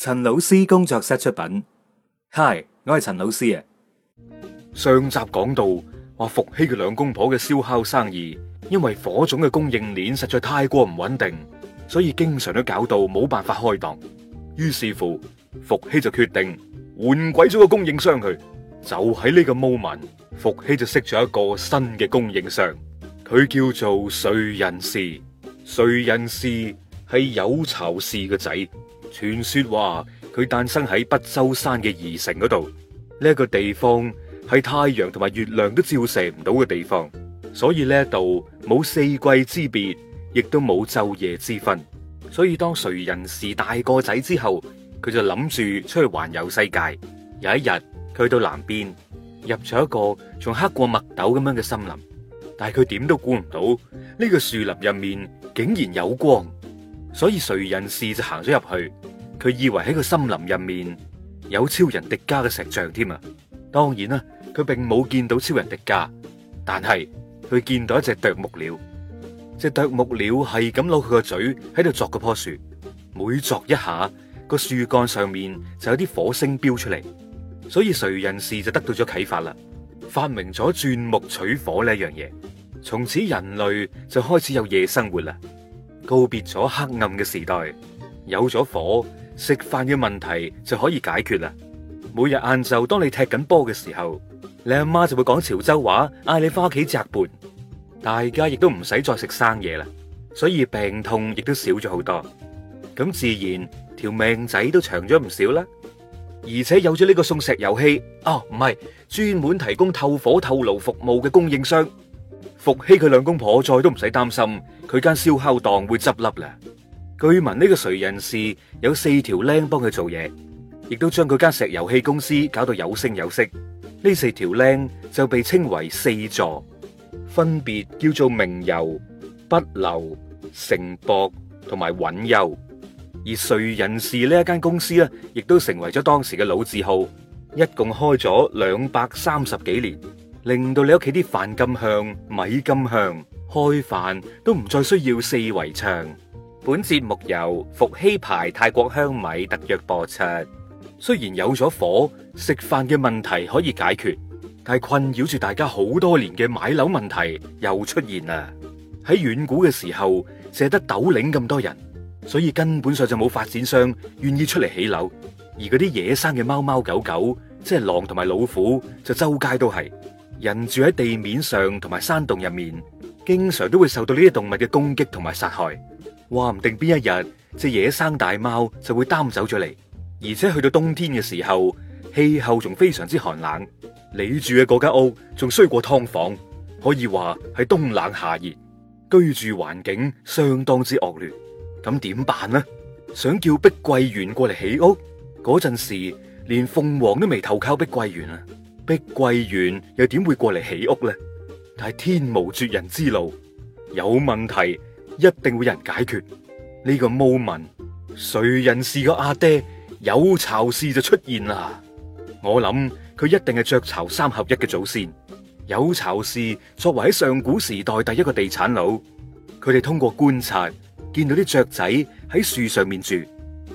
陳老師工作室出品。Hi，我係陳老師啊。上集講到話，伏羲嘅兩公婆嘅燒烤生意，因為火種嘅供應鏈實在太過唔穩定，所以經常都搞到冇辦法開檔。於是乎，伏羲就決定換鬼咗個供應商。佢就喺呢個 moment，伏羲就識咗一個新嘅供應商，佢叫做燧人氏。燧人氏係有巢氏嘅仔。傳說話佢誕生喺不周山嘅宜城嗰度，呢、這、一個地方係太陽同埋月亮都照射唔到嘅地方，所以呢度冇四季之別，亦都冇晝夜之分。所以當燧人氏大個仔之後，佢就諗住出去環遊世界。有一日佢去到南邊，入咗一個仲黑過墨斗咁樣嘅森林，但係佢點都估唔到呢、這個樹林入面竟然有光。所以，燧人氏就行咗入去，佢以為喺個森林入面有超人迪迦嘅石像添啊！當然啦，佢並冇見到超人迪迦，但係佢見到一隻啄木鳥，隻啄木鳥係咁攞佢個嘴喺度鑿嗰棵樹，每鑿一下個樹幹上面就有啲火星飆出嚟，所以燧人氏就得到咗啟發啦，發明咗鑽木取火呢一樣嘢，從此人類就開始有夜生活啦。告別咗黑暗嘅時代，有咗火，食飯嘅問題就可以解決啦。每日晏晝，當你踢緊波嘅時候，你阿媽就會講潮州話，嗌你返屋企擇伴，大家亦都唔使再食生嘢啦，所以病痛亦都少咗好多，咁自然條命仔都長咗唔少啦。而且有咗呢個送石油氣，啊唔係，專門提供透火透爐服務嘅供應商。伏羲佢兩公婆再都唔使擔心佢間燒烤檔會執笠啦。據聞呢個燧人氏有四條僆幫佢做嘢，亦都將佢間石油氣公司搞到有聲有色。呢四條僆就被稱為四座，分別叫做明油、不留、成博同埋穩優。而燧人氏呢一間公司咧，亦都成為咗當時嘅老字號，一共開咗兩百三十幾年。令到你屋企啲飯咁香、米咁香，開飯都唔再需要四圍唱。本節目由伏羲牌泰國香米特約播出。雖然有咗火，食飯嘅問題可以解決，但係困擾住大家好多年嘅買樓問題又出現啦。喺遠古嘅時候，淨得斗零咁多人，所以根本上就冇發展商願意出嚟起樓，而嗰啲野生嘅貓貓狗狗，即係狼同埋老虎，就周街都係。人住喺地面上同埋山洞入面，經常都會受到呢啲動物嘅攻擊同埋殺害。話唔定邊一日隻野生大貓就會擔走咗嚟。而且去到冬天嘅時候，氣候仲非常之寒冷。你住嘅嗰間屋仲衰過劏房，可以話係冬冷夏熱，居住環境相當之惡劣。咁點辦呢？想叫碧桂園過嚟起屋，嗰陣時連鳳凰都未投靠碧桂園啊！碧桂園又點會過嚟起屋咧？但係天無絕人之路，有問題一定會有人解決。呢個 moment，誰人是個阿爹？有巢氏就出現啦。我諗佢一定係雀巢三合一嘅祖先。有巢氏作為喺上古時代第一個地產佬，佢哋通過觀察見到啲雀仔喺樹上面住，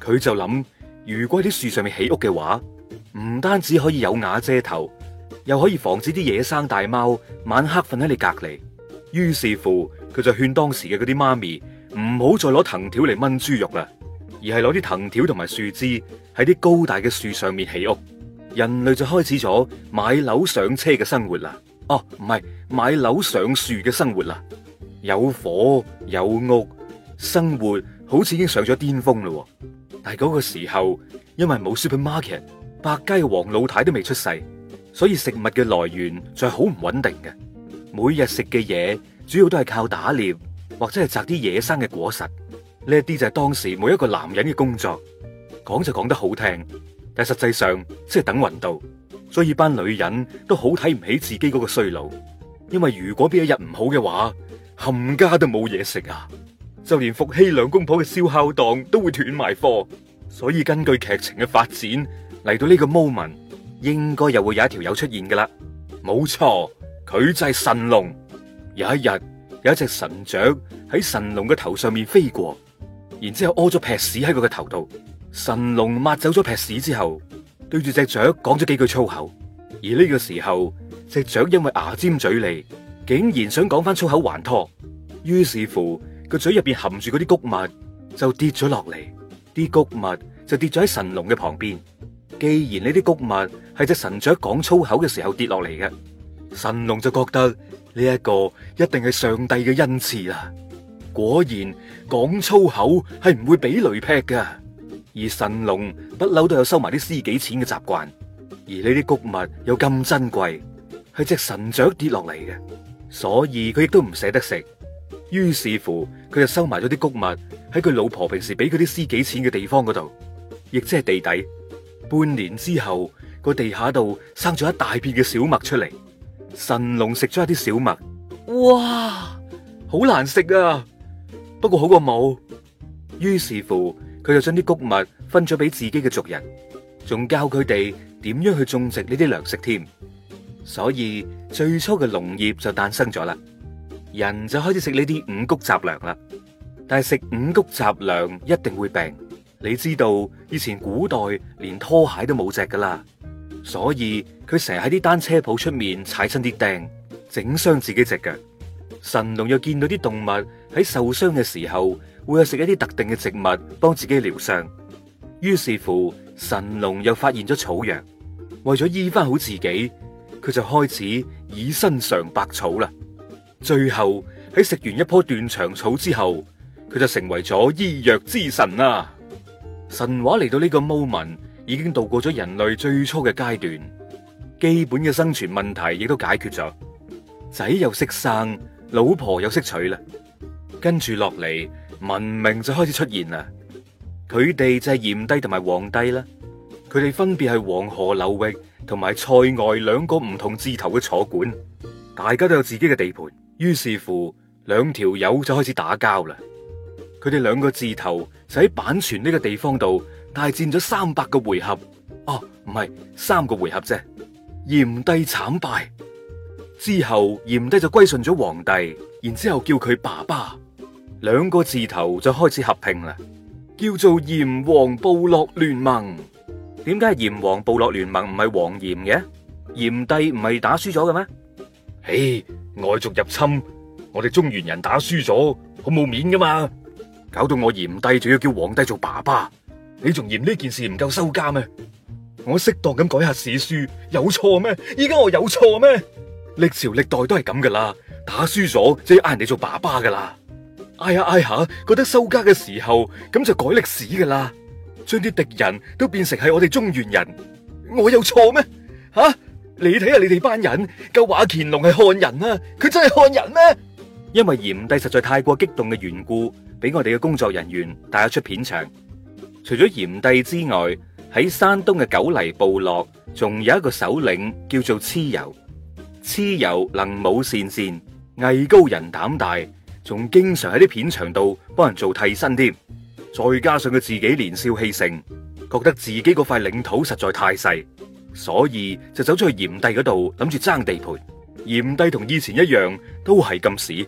佢就諗：如果喺啲樹上面起屋嘅話，唔單止可以有瓦遮頭。又可以防止啲野生大貓晚黑瞓喺你隔籬，於是乎佢就勸當時嘅，嗰啲媽咪唔好再攞藤條嚟炆豬肉啦，而係攞啲藤條同埋樹枝喺啲高大嘅樹上面起屋。人類就開始咗買樓上車嘅生活啦。哦，唔係買樓上樹嘅生活啦。有火有屋，生活好似已經上咗巔峰咯。但係嗰個時候，因為冇 supermarket，百佳嘅黃老太都未出世。所以食物嘅來源就係好唔穩定嘅，每日食嘅嘢主要都係靠打獵或者係摘啲野生嘅果實，呢一啲就係當時每一個男人嘅工作。講就講得好聽，但係實際上即係等運到。所以班女人都好睇唔起自己嗰個衰佬，因為如果邊一日唔好嘅話，冚家都冇嘢食啊！就連伏羲兩公婆嘅燒烤檔都會斷埋貨。所以根據劇情嘅發展嚟到呢個 moment。應該又會有一條友出現㗎喇，冇錯，佢就係神龍。有一日，有一隻神雀喺神龍嘅頭上面飛過，然之後屙咗劈屎喺佢嘅頭度。神龍抹走咗劈屎之後，對住隻雀講咗幾句粗口。而呢個時候，隻雀因為牙尖嘴利，竟然想講翻粗口還拖。於是乎，佢嘴入邊含住嗰啲穀物就跌咗落嚟，啲穀物就跌咗喺神龍嘅旁邊。既然呢啲穀物係隻神雀講粗口嘅時候跌落嚟嘅，神龍就覺得呢一個一定係上帝嘅恩賜啦。果然講粗口係唔會俾雷劈㗎，而神龍不嬲都有收埋啲私己錢嘅習慣，而呢啲穀物又咁珍貴，係隻神雀跌落嚟嘅，所以佢亦都唔捨得食。於是乎，佢就收埋咗啲穀物喺佢老婆平時俾佢啲私己錢嘅地方嗰度，亦即係地底。半年之後，個地下度生咗一大片嘅小麥出嚟。神龍食咗一啲小麥，哇，好難食啊，不過好過冇於是乎，佢就將啲谷物分咗俾自己嘅族人，仲教佢哋點樣去種植呢啲糧食添。你知道以前古代連拖鞋都冇隻噶啦，所以佢成日喺啲單車鋪出面踩親啲釘，整傷自己隻腳。神龍又見到啲動物喺受傷嘅時候，會去食一啲特定嘅植物幫自己療傷。於是乎，神龍又發現咗草藥，為咗醫翻好自己，佢就開始以身嘗百草啦。最後喺食完一棵斷腸草之後，佢就成為咗醫藥之神啦！神話嚟到呢個 moment 已經度過咗人類最初嘅階段，基本嘅生存問題亦都解決咗，仔又識生，老婆又識娶啦。跟住落嚟，文明就開始出現啦。佢哋就係炎帝同埋黃帝啦，佢哋分別係黃河流域同埋塞外兩個唔同字頭嘅坐館，大家都有自己嘅地盤，於是乎兩條友就開始打交啦。佢哋兩個字頭就喺阪泉呢個地方度大戰咗三百個回合哦，唔係，三個回合啫。炎帝慘敗之後，炎帝就歸順咗黃帝，然之後叫佢爸爸。兩個字頭就開始合併啦，叫做炎黃部落聯盟。點解炎黃部落聯盟唔係黃炎嘅？炎帝唔係打輸咗嘅咩？唉，外族入侵，我哋中原人打輸咗，好冇面噶嘛～搞到我炎帝仲要叫皇帝做爸爸，你仲嫌呢件事唔夠收家咩？我適當咁改下史書，有錯咩？依家我有錯咩？歷朝歷代都係咁噶啦，打輸咗就是，要嗌人哋做爸爸噶啦，嗌下嗌下，覺得收家嘅時候，咁就改歷史噶啦，將啲敵人都變成係我哋中原人，我有錯咩？吓、啊，你睇下你哋班人，夠、那、話、個、乾隆係漢人啦、啊，佢真係漢人咩？因為炎帝實在太過激動嘅緣故，俾我哋嘅工作人員帶咗出片場。除咗炎帝之外，喺山東嘅九黎部落，仲有一個首領叫做蚩尤。蚩尤能武善善，藝高人膽大，仲經常喺啲片場度幫人做替身添。再加上佢自己年少氣盛，覺得自己嗰塊領土實在太細，所以就走咗去炎帝嗰度諗住爭地盤。炎帝同以前一樣，都係咁使。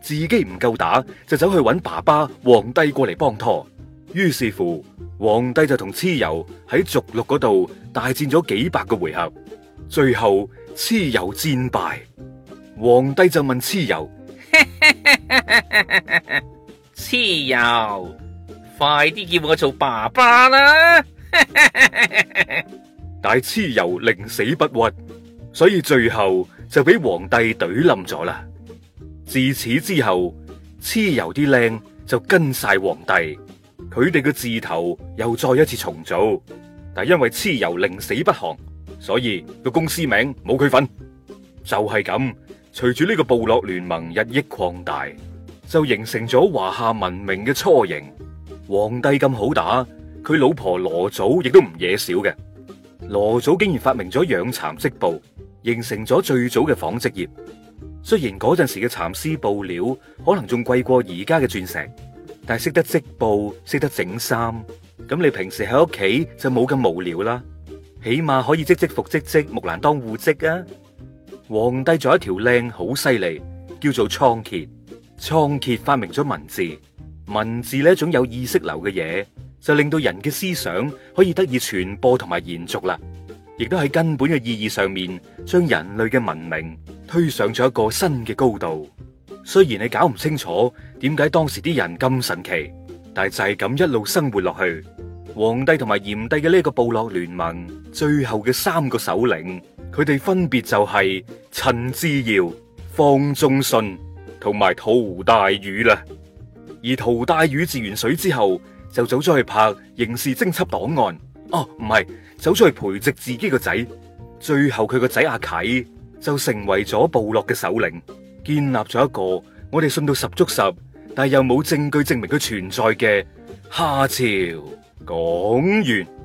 自己唔夠打，就走去揾爸爸皇帝過嚟幫拖。於是乎，皇帝就同蚩尤喺涿鹿嗰度大戰咗幾百個回合，最後蚩尤戰敗。皇帝就問蚩尤：蚩尤， 快啲叫我做爸爸啦！ 但係蚩尤寧死不屈，所以最後就俾皇帝懟冧咗啦。自此之後，蚩尤啲靚就跟晒皇帝，佢哋嘅字頭又再一次重組，但係因為蚩尤寧死不降，所以個公司名冇佢份。就係咁，隨住呢個部落聯盟日益擴大，就形成咗華夏文明嘅雛形。皇帝咁好打，佢老婆嫘祖亦都唔惹少嘅，嫘祖竟然發明咗養蠶織布，形成咗最早嘅紡織業。雖然嗰陣時嘅蠶絲布料可能仲貴過而家嘅鑽石，但係識得織布、識得整衫，咁你平時喺屋企就冇咁無聊啦，起碼可以唧唧復、唧唧木蘭當戶織啊！皇帝仲有一條靚好犀利，叫做倉頡，倉頡發明咗文字，文字呢一種有意識流嘅嘢，就令到人嘅思想可以得以傳播同埋延續啦。亦都喺根本嘅意義上面，將人類嘅文明推上咗一個新嘅高度。雖然你搞唔清楚點解當時啲人咁神奇，但係就係咁一路生活落去。皇帝同埋炎帝嘅呢一個部落聯盟，最後嘅三個首領，佢哋分別就係陳志堯、方中信同埋陶大宇啦。而陶大宇治完水之後，就走咗去拍刑事偵緝檔案。哦，唔係，走咗去培植自己個仔，最後佢個仔阿啟就成為咗部落嘅首領，建立咗一個我哋信到十足十，但又冇證據證明佢存在嘅夏朝。講完。